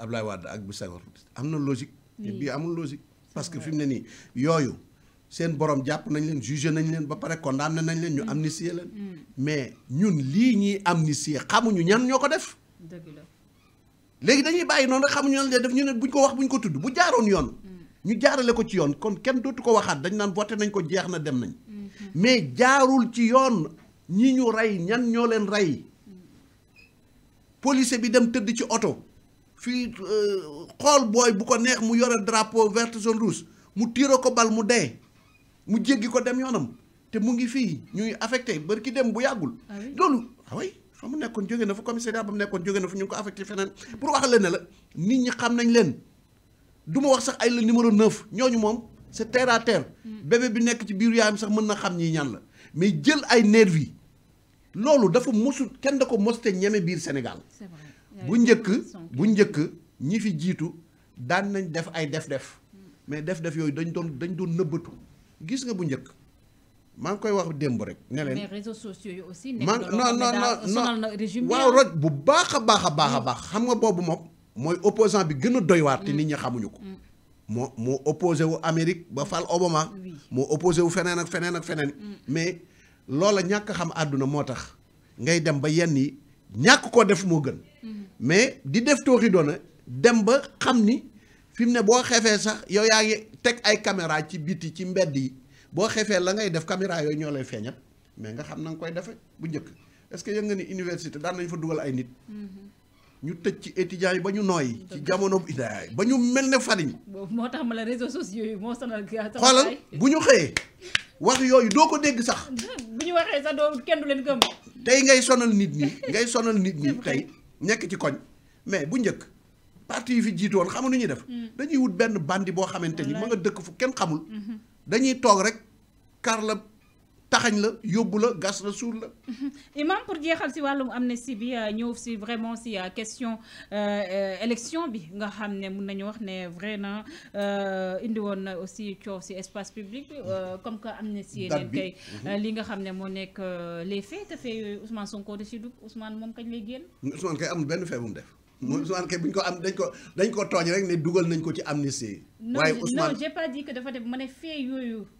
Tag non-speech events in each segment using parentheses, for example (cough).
Ablaye Wade ak bu Senghor am na logique. bii amul logique. parce que fi mu ne nii yooyu seen borom jàpp nañ leen jugé nañ leen ba pare condamné nañ leen ñu mm. amnistier leen. Mm. mais ñun lii am amnistier xamuñu ñan ñoo ko def. dëgg léegi dañuy bàyyi noonu rek xamuñu ñan def ñu ne buñ ko wax buñ ko tudd bu jaaroon yoon. Mm. ñu jaarale ko ci yoon kon kenn dootu ko waxaat dañ naan voté nañ ko jeex na dem nañ. Mm-hmm. mais jaarul ci yoon ñi ñu rey ñan ñoo leen rey. police bi dem tëdd ci oto. fii euh, xool booy bu ko neex mu yore drapeau vert jaune rouge mu tiire ko bal mu dee mu jéggi ko dem yoonam te mu ngi fii ñuy affecté bari ki dem bu yàggul. Ah loolu away ah fa mu nekkoon jóge na fu commissariat ba mu nekkoon jóge na fu ñu ngi ko affecté feneen pour wax leen ne la nit ñi xam nañ leen du ma wax sax ay la numéro 9 ñooñu moom c'est terre à mm. bébé bi nekk ci biiru yaayam sax mën na xam ñi ñaan la mais jël ay nervi loolu dafa mosul kenn da ko moste ñeme biir Sénégal. bu njëkk bu njëkk ñi fi jiitu daan nañ def ay def-def mais def-def yooyu dañ doon dañ doon nëbbatu gis nga bu njëkk maa ngi koy wax démb rek. ne leen mais réseaux sociaux yi aussi. nekk non non non waaw rek bu baax a baax a baax a mm. baax xam nga boobu moom. mooy opposant bi gën a doy waar te mm. nit ñi xamuñu ko. Mm. moo moo opposé wu Amérique ba fal Obama. moo opposé wu feneen ak feneen ak feneen. mais loola ñàkk xam àdduna moo tax ngay dem ba yenn yi. ñàkk ko def moo gën mais di def tooxi doona dem ba xam ni fi mu ne boo xefee sax yow yaa ngi teg ay caméra ci biti ci mbedd yi boo xefee la ngay def caméra yooyu ñoo lay feeñat mais nga xam na nga koy defe bu njëkk est-ce que nga ni université daan nañ fa dugal ay nit mm-hmm. ñu tëj ci étudiants yi ba ñu nooy ci jamono idaay ba ñu mel ne farine. moo tax ma la réseaux sociaux yi moo sonal. xoolal bu ñu xëyee wax yooyu doo ko dégg sax. (laughs) bu ñu waxee sax doo kenn du leen gëm. tey ngay sonal nit ñi (laughs) ngay sonal nit ñi tey nekk ci koñ mais bu njëkk parti yu fi jiitu woon xamu nu ñuy def hmm. dañuy wut benn bandi boo xamante ni ma nga dëkk fu kenn xamul hmm. dañuy toog rek kar la taxagne la yóbbu la gas la suul la. (laughs) imam pour jeexal si wàllum amnistie bi euh, ñëw ci vraiment ci euh, question euh, euh élection bi nga xam mën nañ wax né vraiment euh indi won aussi coow si espace public comme que amnistie ene kay mhm. li nga xam mo nek nekk les faits te fee Ousmane Sonko de si dugg Ousmane mom kañ lay génn. Ousmane kay am benn fait bu mu def. Mhm. Ousmane Kay buñ ko am dañ ko dañ ko togn rek né duggal nañ ko ci amnistie. waye Ousmane non j'ai pas dit que dafa def ma ne fee yooyu.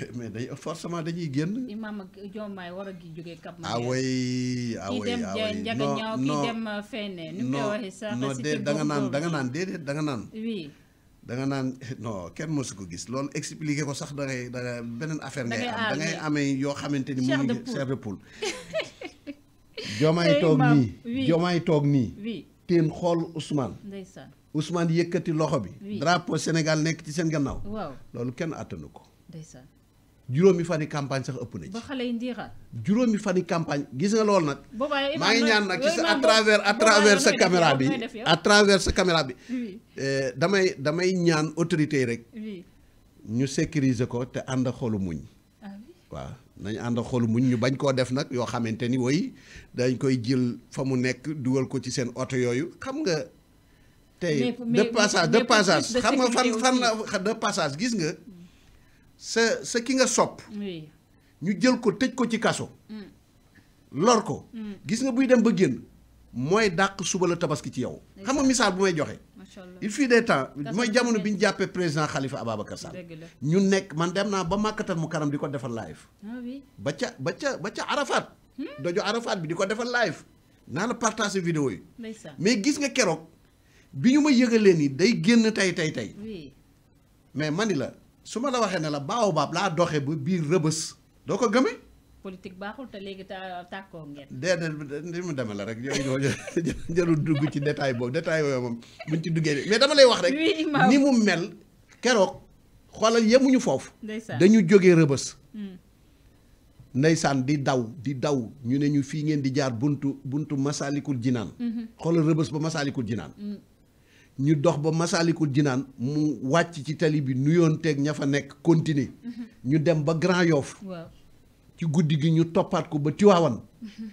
Eh, mais dañ forcément dañuy génn. imam ak Diomaye war a jógee Cap Manuel. away away away kii dem ah Ndiaganiao kii dem euh, Fene. nu mu koy waxee sax non non da nga naan da nga naan déedéet da nga naan. oui. da nga naan eh, non kenn mosu ko gis loolu expliqué ko sax da ngay da ngay beneen affaire ngay am da ngay amee yoo xamante ni mu ngi chair de poule (laughs) Diomaye toog nii Diomaye toog nii. teen xool Ousmane. ndeysaan Ousmane yëkkati loxo bi. drapeau Sénégal nekk ci seen gannaaw. waaw loolu kenn attanu ko. ndeysaan. juróomi fani campagne sax ëpp na ci. ba xale yi ndiiraat. juróomi fani campagne gis nga lool nag. maa ngi ñaan nag ci à travers à travers sa caméra bi à travers sa caméra bi. damay damay ñaan autorité yi rek. ñu sécuriser ko te ànd xolu muñ. Ah waaw nañ ànd xolu muñ ñu bañ koo def nag yoo xamante ni woy dañ koy jël fa mu nekk dugal ko ci seen oto yooyu xam nga. tey de passage de passage xam nga fan fan de passage gis nga. sa sa ki nga sopp ñu jël ko tëj ko ci kaso lor ko gis nga buy dem ba génn mooy dàq suba la tabaski ci yow xam nga misaal bu may joxe il fut des temps mooy jamono bi ñu jàppee président Khalifa Ababacar Sall ñu nekk man dem naa ba màkkatal mu kanam di ko defal live ah ba ca ba ca ba ca Arafat hmm? dojo Arafat bi di ko defal live naa la partage vidéo yi mais gis nga keroog bi ñu ma yëgalee ni day génn tey tey tey mais mani la su ma la waxee ne la baobab laa doxee ba biir rëbës doo ko gëmee. politique baaxul te léegi tàkkoo ngeen. déedéet ni mu demee la rek yooyu ñoo jëlu (laughs) dugg ci détail boobu détail yooyu moom buñ ci duggee mais dama lay wax rek. ni mu mel keroog xoolal yemuñu foofu. dañu jógee rëbës. Hmm. ndeysaan di daw di daw ñu ne ñu fii ngeen di jaar buntu buntu masalikul jinaan. Hmm. xoolal rëbës ba masalikul jinaan. Hmm. ñu dox ba Masaalikul Jinaan mu wàcc ci tali bi nuyoon teeg ña fa nekk continuer mhm. ñu dem ba Grand Yoff ci guddi gi ñu toppaat ko ba Tiwaawan mhm.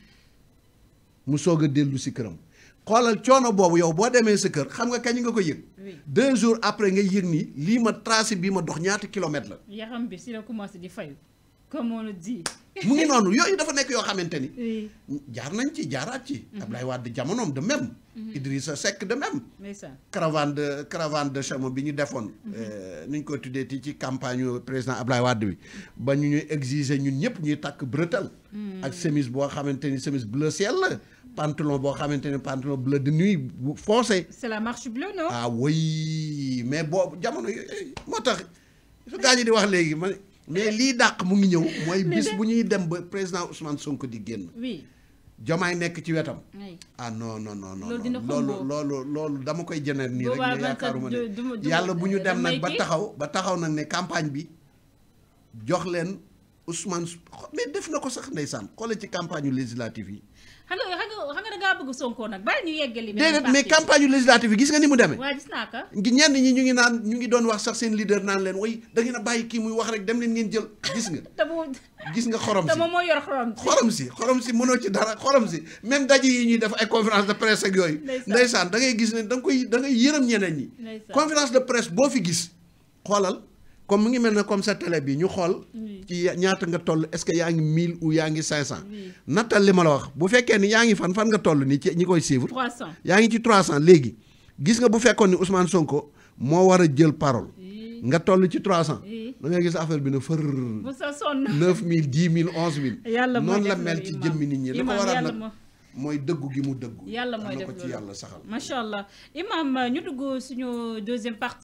mu soog a dellu si këram xoolal coono boobu yow boo demee sa kër xam nga kañ nga ko yëg deux jours après nga yëg ni lii ma tracé bi ma dox ñaata kilomètre la yaram bi si commencé di fayu comme on le dit. mu ngi noonu yoy dafa nek yo xamanteni ni. jaar nañ ci jaaraat ci. Mhm. Ablaye Wade jamonoom de même. Mhm. Idrissa Sek de même. caravane de caravane de chamo biñu defone defoon. Mhm. Euh, ni ñu ko tuddee ci campagne président Ablaye Wade bi ba ñu exiger ñun ñep ñuy tak bretel ak chemise bo xamanteni chemise bleu ciel pantalon bo xamanteni pantalon bleu de nuit foncé. c'est la marche bleue non. ah oui mais bo, jamono motax moo su gaa di wax légui man. mais lii dàq mu ngi ñëw mooy bis bu ñuy dem ba président Ousmane sunk di génn jomaay nekk ci wetam ah no non non loolu loolu dama koy jëndee nii rek ne yaakaaruma ne yàlla bu ñu dem nag ba taxaw ba taxaw nag ne campagne bi jox leen Ousmane mais def na ko sax ndeysaan xoole ci campagne législative yi bëgg Sonko nag bari ñu yeggali. déedéet mais campagne législative gis nga ni mu demee. waaw gis naa ñenn ñi ñu ngi naan ñu ngi doon wax sax seen leader naan leen way da ngeen a bàyyi kii muy wax rek dem leen ngeen jël gis nga. (laughs) gis nga xorom si te moom moo yor xorom si. xorom si xorom si mënoo ci dara xorom si même daje yi ñuy def ay conférence de presse ak yooyu. ndeysaan da ngay gis ne da nga koy da ngay yërëm ñeneen ñi. conférence de presse boo fi gis xoolal comme ngi melne comme sa télé bi ñu xol ci ñaata nga toll est-ce que yaa 1000 ou yaangi 500. nattal li ma la wax bu fekkee ni yaa fan fan nga toll ni ci ñi koy suivre. 300 yaangi ci 300 léegi. gis nga bu fekkoon ni Ousmane Sonko mo wara jël parole. nga toll ci 300. da nga gis affaire bi ne fër. bu sa sonn 9000 10000 11000. non la mel ci jëm nit ñi. li ko waral nag. mooy dëggu gi mu deggu yalla moy def loolu ko ci yalla saxal. machallah imam ñu dugg suñu deuxième partie.